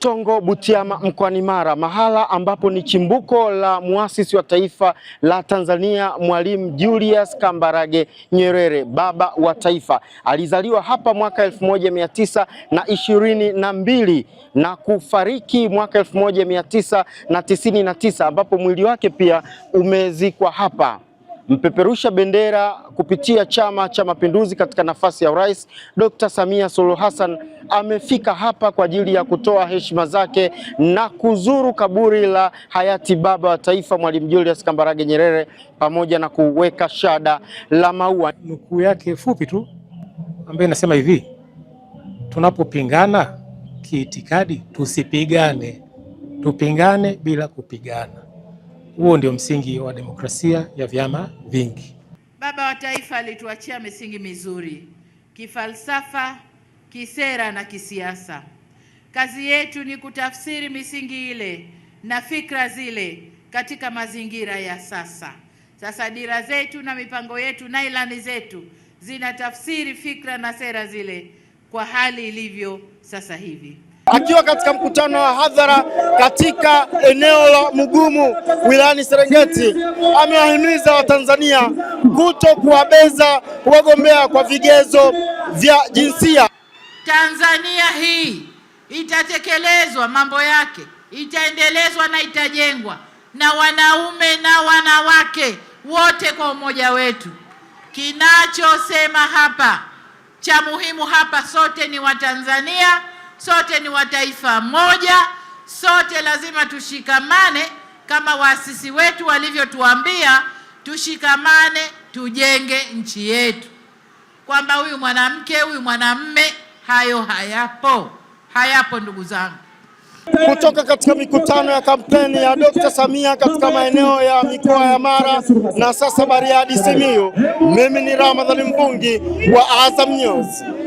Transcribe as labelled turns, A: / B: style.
A: Mtongo Butiama mkoani Mara, mahala ambapo ni chimbuko la muasisi wa taifa la Tanzania Mwalimu Julius Kambarage Nyerere, baba wa taifa. Alizaliwa hapa mwaka elfu moja mia tisa na ishirini na mbili na kufariki mwaka elfu moja mia tisa na tisini na tisa ambapo mwili wake pia umezikwa hapa mpeperusha bendera kupitia Chama cha Mapinduzi katika nafasi ya urais, Dr. Samia Suluhu Hassan amefika hapa kwa ajili ya kutoa heshima zake na kuzuru kaburi la hayati baba wa taifa Mwalimu Julius Kambarage Nyerere pamoja na kuweka shada la maua.
B: Nukuu yake fupi tu ambayo inasema hivi: tunapopingana kiitikadi tusipigane, tupingane bila kupigana. Huo ndio msingi wa demokrasia ya vyama vingi.
C: Baba wa Taifa alituachia misingi mizuri kifalsafa, kisera na kisiasa. Kazi yetu ni kutafsiri misingi ile na fikra zile katika mazingira ya sasa. Sasa dira zetu na mipango yetu na ilani zetu zinatafsiri fikra na sera zile kwa hali ilivyo sasa hivi
A: akiwa katika mkutano wa hadhara katika eneo la Mugumu wilayani Serengeti, amewahimiza Watanzania kuto kuwabeza wagombea kwa vigezo vya jinsia.
D: Tanzania hii itatekelezwa mambo yake, itaendelezwa na itajengwa na wanaume na wanawake wote kwa umoja wetu. Kinachosema hapa cha muhimu hapa, sote ni Watanzania sote ni wa taifa moja, sote lazima tushikamane kama waasisi wetu walivyotuambia, tushikamane, tujenge nchi yetu, kwamba huyu mwanamke huyu mwanamme, hayo hayapo, hayapo ndugu zangu.
A: Kutoka katika mikutano ya kampeni ya Dr. Samia katika maeneo ya mikoa ya Mara na sasa Bariadi, Simiyu, mimi ni Ramadhani Mbungi wa Azam News.